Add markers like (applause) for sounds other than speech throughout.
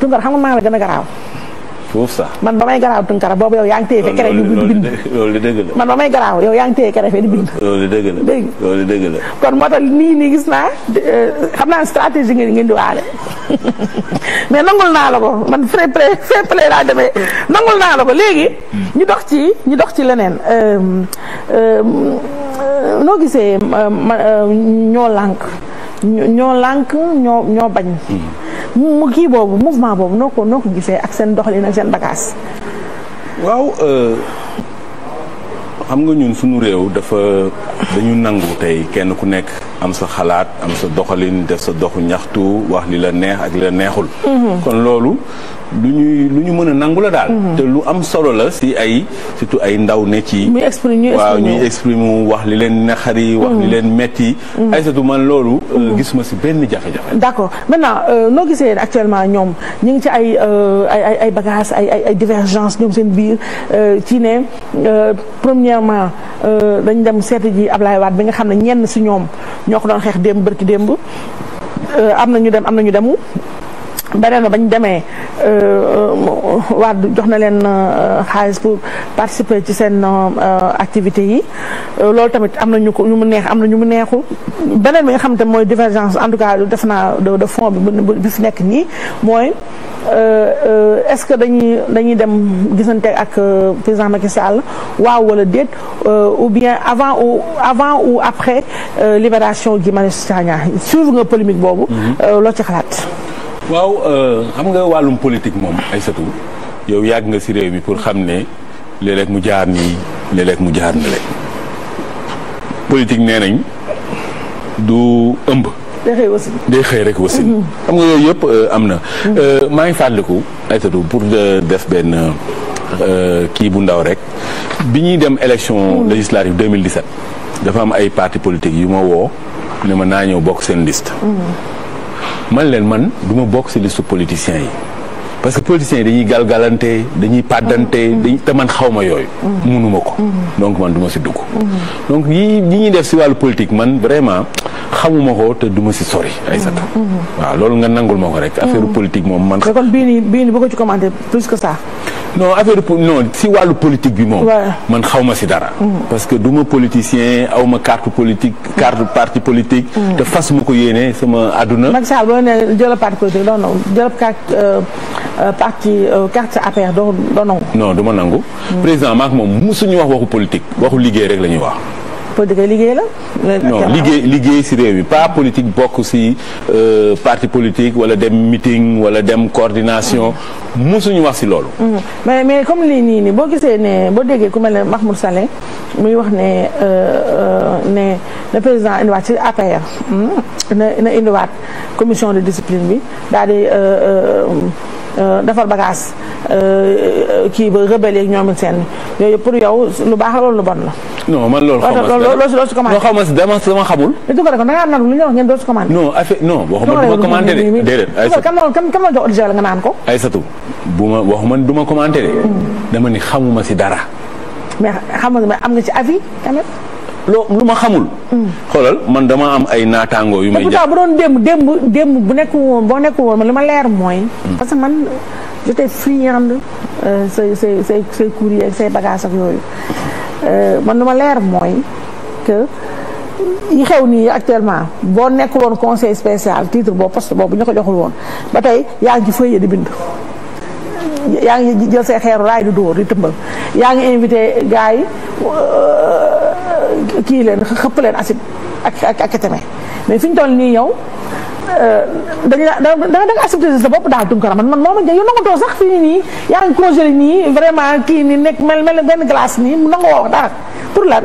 tunkara xam nga la gën a garaaw. fuuf sax man ba may garaaw tunkara boobu yow yaa ngi téye fe kere di bind. loolu dëgg la man ba may garaaw yow yaa ngi téye kere fe di bind. loolu dëgg la dëgg la. kon moo tax nii nii gis naa euh, xam naa stratégie ngeen ngeen di waale (laughs) mais nangul naa la ko man fair play fair play laa demee nangul naa la ko léegi. ñu dox ci ñu dox ci leneen. Euh, euh, noo gisee ñoo lank ñoo lank ñoo ñoo bañ. Hmm. kii boobu mouvement boobu noo ko noo ko gisee ak seen doxalin ak seen bagage. waaw euh, xam nga ñun suñu réew dafa dañu nangu tey kenn ku nekk am sa xalaat am sa doxalin def sa doxu ñaxtu wax li la neex ak li la neexul. Mhm. kon loolu. lu ñu mën a nangu la daal. Mhm. te lu am solo la si ay surtout ay ndaw ne ci. muy exprimer waaw ñuy exprimer wax li leen naxari. wax li mhm. leen metti. Mhm. ay surtout man loolu. Euh, gis ma si benn jafe-jafe. d'accord maintenant euh, noo gisee actuellement ñoom ñu ngi ci ay euh, ay ay bagages ay ay divergence ñoom seen biir ci ne premièrement dañ dem seeti ji Ablaye Wade bi nga xam ne ñenn si ñoom ñoo ko doon xeex démb bërki démb am na ñu dem am na ñu demu bare na bañ demee euh, euh, Wade jox na leen euh, xaalis pour participer ci seen activités yi loolu tamit am na ñu ko ñu mu neex am na ñu mu neexu beneen bi nga xam te mooy divergence en tout cas def naa de fond bi bi fi nekk nii mooy est-ce que dañuy dañuy dem gisante ak président Macky Sall waaw wala déet ou bien avant ou avant ou après libération Guy Marius Sagna suivre nga polémique boobu mm-hmm. loo ci xalaat waaw euh, xam nga wàllum politique moom ay satu yow yàgg nga ci réew mi pour xam ne léeg mu jaar nii léeg mu jaar na le politique nee nañ du ëmb. day xëy rek wasin mhm. xam nga yooyu yëpp euh, am na. Mhm. Euh, maa ngi fàttaliku ay satu pour des benn kii bu ndaw rek bi ñuy dem élection mhm. législative 2017 dafa am ay parti politique yu ma woo ne ma naa ñëw bokk seen liste. man leen man du ma bokk ci liste politiciens yi parce que politiciens yi dañuy galgalante dañuy pàddante mm-hmm. dañuy te man xaw ma yooyu munuma mm-hmm. ko mm-hmm. donc man du ma ci dugg donc yi ñi ñuy def ci wàllu politique man vraiment xamuma ko te duma ci sori ay sata waaw loolu nga nangul ma ko rek affaire politique moom man mais bii nii bii nii ci commenter plus que ça non affaire non si wàllu politique bi moom. man xaw ma si dara. Mm. parce que du ma politicien aw ma carte politique mm. carte parti politique. Mm. te fas ma ko yéene sama àdduna. Macky Sall boo nee jël parti politique doo nangu jël carte euh, euh, parti euh, carte APR doo doo nangu. non du ma nangu. président maak moom mosuñu wax waxu politique waxu liggéey rek la ñuy wax. politique ay liggéey la. liggéey liggéey si réew yi pas politique bokk si euh, parti politique wala dem meeting wala dem coordination musuñu wax si loolu. Mhm. mais mais comme lii nii nii boo gisee ne boo déggee ku mel ne Mahmoud Saleh muy wax ne euh, euh, ne le président indiwaat ci APR hmm, na indiwaat commission de discipline bi daal di defar bagage kii ba rebelle yeeg ñoom seen yooyu pour yow lu baax loolu lu bon la. no man loolu. xaw ma si dama sama xamul. mais dugal ko da ngaa naan lu ñu wax ngeen doo si commandé. non affaire non waxuma du ma commandé de déedéet. ayisatu ma ma hmm. dama ni xamuma si dara. mais xam nga am nga ci avis tamit. loo lu ma xamul. Hmm. xoolal man dama am ay naataangoo yu may. jàpp bu doon démb démb démb bu nekkul woon boo nekkul woon li ma leer mooy. Hmm. parce que man j'étais friande euh, say say say say courrier ak say bagages ak yooyu. Euh, man lu ma leer mooy que yi xew nii actuellement boo nekkul woon conseil spécial titre boobu poste boobu ñu ko joxul woon ba tey yaa ngi ci feuille di bind. yaa ngi jël say xeeru raay di dóor di tëmbal yaa ngi invité gars yi euh, kii leen xëpp leen acide ak ak ak mais fi ñu toll nii yow. Euh, da nga da nga da nga accepté sa bopp daal Tunkara man man moo ma jë yow nangatoo sax fii nii yaa ngi congelé nii vraiment kii nii nekk mel mel benn glace nii nangoo wax dara pour lan.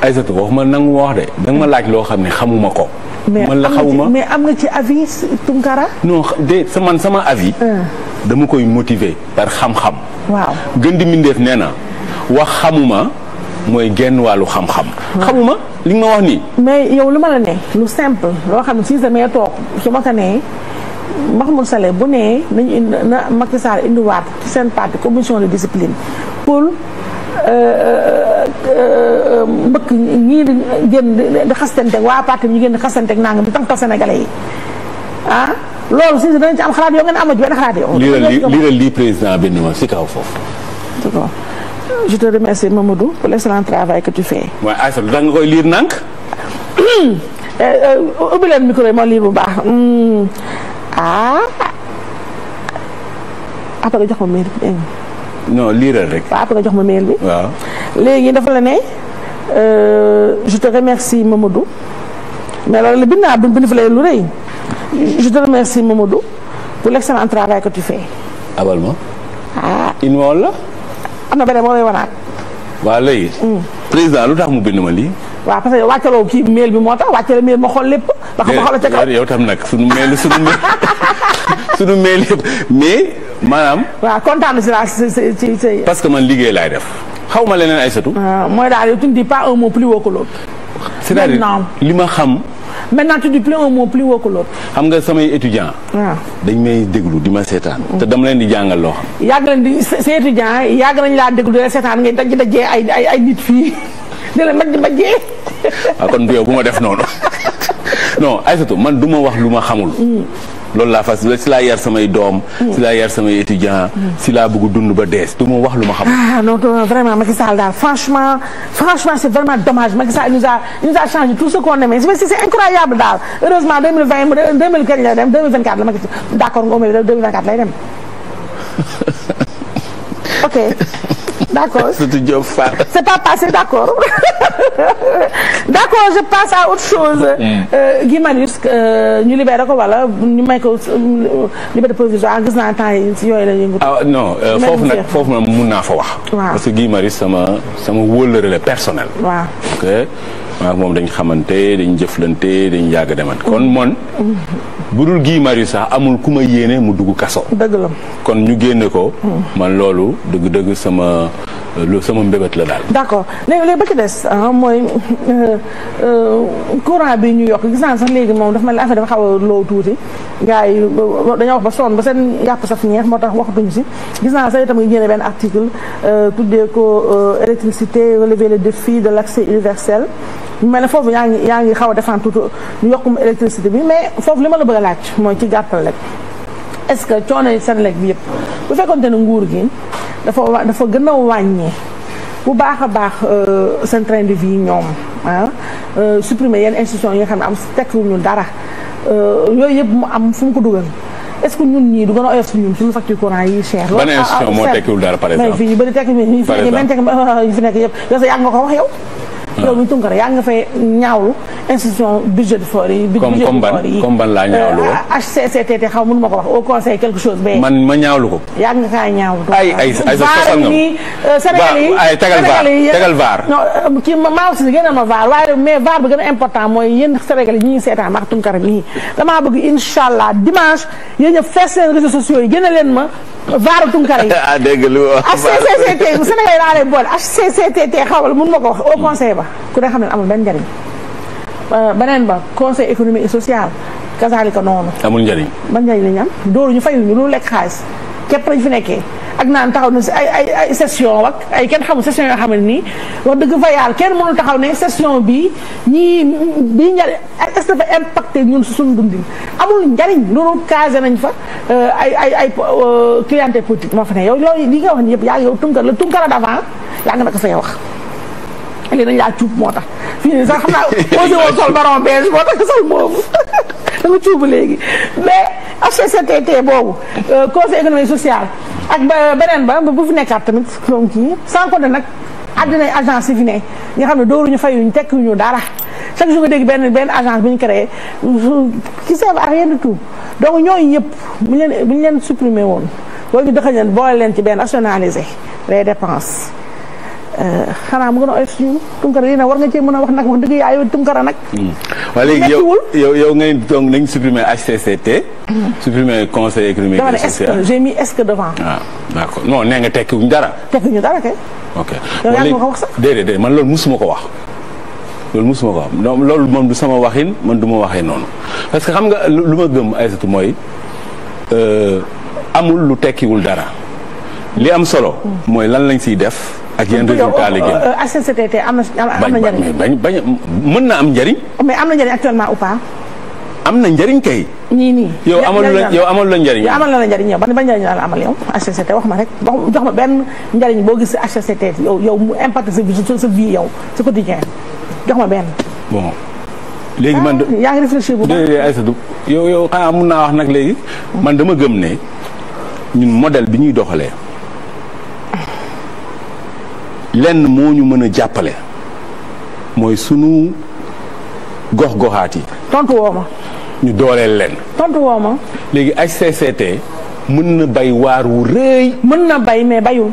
Aïssatou waxuma nangu ma wax de. da nga ma laaj loo xam ne xamuma ko. man la xamuma mais am na ci avis Tunkara. non de man sama avis. Euh. dama koy motiver par xam-xam. waaw gën di mbindeef nee na wax xamuma mooy genn wàllu xam-xam. xamuma. li nga wax nii. mais yow lu ma la ne lu simple loo xam ne si damay toog su ma ko nee Mahmoud sale bu nee nañu indi na Macky Sall indiwaat ci seen parti commission de discipline pour euh, euh, mbëkk ñii di génn di xastanteeg waa parti bi ñu génn di xastanteeg nangam di tànqal sénégalais yi ah loolu si danañ ci am xalaat yoo ngeen amati benn xalaat yow. lii lii président bi si kaw foofu. je te remercie Mamadou pour l'excellent travail que tu fais. waaye Aïssa da nga koy liir nànk. (coughs) Eh, eh, ubbi leen micro yi ma lii bu baax hmm. ah après nga jox ma mail bi non liiral rek. waaw après nga jox ma mail bi. léegi dafa la ne euh, je te remercie Mamadou mais loolu la bind naa bind fa lu rëy je te remercie Mamadou pour l'excellent travail que tu fais. abal ma. ah in walla. am na beneen boo lay wanaat. waaw léegi. Mm. président lu tax mu bind ma lii. waaw parce que wàccaloo kii mail bi moo tax wàccale mail ma xool lépp. ndax ma xool ca kaw yow tam nag sunu mail sunu mail (laughs) sunu mail yëpp mais maanaam. kontaan si la si si si. parce que man liggéey laay def. xaw ma leneen ay satu. Ah, mooy daal yow tu ne dis pas un mot plus haut que l'autre. c'est-à-dire li ma xam. maintenant tu dis plus un mot plus haut que xam nga samay étudiant waaw ah. dañ may déglu di ma seetaan te dama leen di jàngal loo xam yàgg nañ di say étudiant yàgg nañ laa déglu di la seetaan ngay daj dajee ay ay ay nit fii (laughs) di la mbaj mbajee waaw ah, kon bu yow bu ma def noonu (laughs) non Aïssatou man du ma wax lu ma xamul. Mm. loolu laa fas si la yar samay doom. Mm. si laa yar samay étudiants. Mm. si laa bëgg dund ba dees du wax lu ma xamul. ah non non vraiment Macky Sall daal franchement franchement c' est vraiment dommage Macky Sall nous a nous a tout ce qu' on aimait mais c' est incroyable daal heureusement 2020 2024 lay dem 2024 la Macky d' accord (laughs) ok. d'accord surtout Diop Fall. c'est pas passé d'accord (laughs) d'accord je passe à autre chose. Euh, Guy Marius euh, ñu libéré ko wala ñu may ko euh, liberté provisoire gis naa temps yi yooyu la yëngu. ah non foofu nag foofu nag mun naa fa wax. parce que Marius sama sama wóllëre personnel. waaw ok. maanaam moom dañ xamante dañ jëflante dañ yàgg demante kon man bu dul Guy Marius sax amul ku ma yéene mu dugg kaso dëgg la kon ñu génne ko man loolu dëgg-dëgg sama lu sama mbébét la daal. d' accord léegi léegi ba ci des ah, mooy euh, euh, courant bi ñu yokk gis naa sax léegi moom dafa mel ni affaire dafa xaw a loo tuuti gars yi euh, dañoo wax ba sonn ba seen yàpp saf ñeex moo tax waxatuñu si gis naa sax itam nga génne benn article tuddee ko électricité relever le défi de l' accès mu ne foofu yaa ngi yaa ngi xaw a defaan tout yokkum électricité bi mais foofu li ma la bëgg a laaj mooy ci gàttal rek est-ce que coono yi Senelec bi yëpp bu fekkoonte ne nguur gi dafa wa dafa gën a wàññee bu baax a baax euh, seen train de vie ñoom ah euh, supprimer yenn institutions yi nga xam ne am tekkiwul dara euh, a oyof si courant yi cher. ban ah, ah, moo tekkiwul dara par exemple. mais fii ñu bëri (laughs) fi nekk yëpp yow sa yàgg nga ko wax yow. loolu Tunkara yaa nga fay ñaawlu institution budget de fort budget de comme ban laa ñaawlu woon. Euh, HCCT xaw mënu ma ko wax au conseil quelque chose. man ma ñaawlu ko. yàgg nga kaa ñaawlu. ay ay ay sa sosal nga euh, Sénégal yi ay tegal vaar tegal vaar. non euh, kii ma maa aussi gën a ma vaar a important damaa bëgg incha allah dimanche yéen ñëpp fees seen réseaux sociaux yi génne leen ma vaaru Tunkara (laughs) yi. ah dégg lu HCCT Sénégal yi laa lay boole HCCT xaw ma mënu ma ko wax au conseil ba ku ne xam ne amul benn njariñ Euh, beneen ba conseil économique et social kasaalika noonu. amul njëriñ. ban njëriñ la ñu am dooru ñu fayuñu lu lekk xaalis képp lañ fi nekkee ak naan taxaw na si ay ay ay session ak ay kenn xamul session yoo xam ne nii wax dëgg fa yàlla kenn mënu taxaw ne session bii njëriñ est-ce que dafa impacté ñun suñu dundin amul njëriñ loolu casé nañ fa euh, ay ay ay euh, clientèle politique moo fa ne yow loolu li ni yëpp yaa ngi yow tunkar la tunkar la d'avant yaa ngi na fay wax léegi nañ laa cuub moo tax fii nii sax xam naa posé woon sol baron beige moo tax sol moomu da nga cuubu léegi mais boobu euh, conseil social ak ba beneen ba bu fi nekkaat tamit moom kii sans compter nag àddina agence yi fi ne nga xam ne dooruñu fayuñu ñu dara chaque jour nga dégg benn benn agence bu ñu créé ki sert à rien du tout donc ñooñu yëpp bu ñu leen bu leen supprimer woon boo ñu doxalee leen boole leen ci benn nationaliser les dépenses. xanaa mu gën a oyof tunkara yi nag war nga cee mën a wax nag wax dëgg yaay tunkara nag. Hmm. waa yow yow yow ngay donc nañ supprimer HCCT. Hmm. supprimer conseil économique et ne est-ce que j'ai mis ah, nga tekkiwuñ dara. tekkiwuñu dara kay. ko wax sax déedéet man loolu musuma ko wax. loolu musuma ko wax loolu moom du sama waxin man du ma waxee noonu parce que xam nga lu ma gëm Aïssatou mooy euh, amul lu tekkiwul dara li am solo. Hmm. mooy lan lañ si def. ak yenn résultat la génn HCCT am na njëriñ bañ mën na am njëriñ. Oh, mais am na njëriñ actuellement ou pas. am na njëriñ kay. ñii nii yow amalu la yow amalu la njëriñ. yow amal na la njëriñ yow ban ban njëriñ la la amal yow HCCT wax ma rek jox ma benn njëriñ boo gis HCCT yow yow mu impacté sa vie sa vie yow sa quotidien jox ma benn. bon léegi man. Ah, yaa ngi réfléchir bu baax déedéet Aïssatou yow yow naa wax nag léegi. man dama gëm ne ñun model bi ñuy doxalee. lenn moo ñu mën a jàppale mooy sunu gox goxaat yi. tontu woo ma. ñu dooleel leen. tontu woo ma. léegi ay HCCT mën na bay waar wu rëy. mën na bay mais bayul.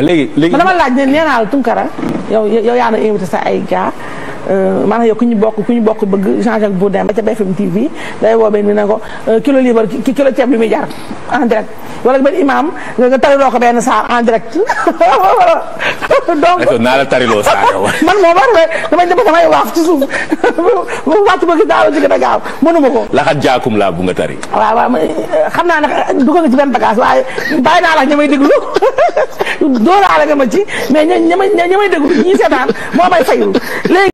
léegi léegi dama laaj ne nee naa la Tunkara yow yow yaa na invité sa ay gars. Euh, maanaam yow ku ñu bokk ku ñu bokk bëgg Jean-Jacques Bourdin ba ca BFM TV day woo benn bi ne ko euh, kilo liibar ki kilo ceeb li muy jar en direct wala benn imam ko benn saar en direct (laughs) donc naa la tariloo saar yow (laughs) man moom war na damay dama damay waaf ci suuf bu (laughs) wàcc ba gis daal ci gën a gaaw mënuma ko laxat jaakum laa bu nga tari waaw waaw euh, xam naa ne dugg nga ci benn bagage waaye bàyyi naa la ña may déglu dóoraale nga ma ci mais ña ña may déglu ñi seetaan moo may fayul léegi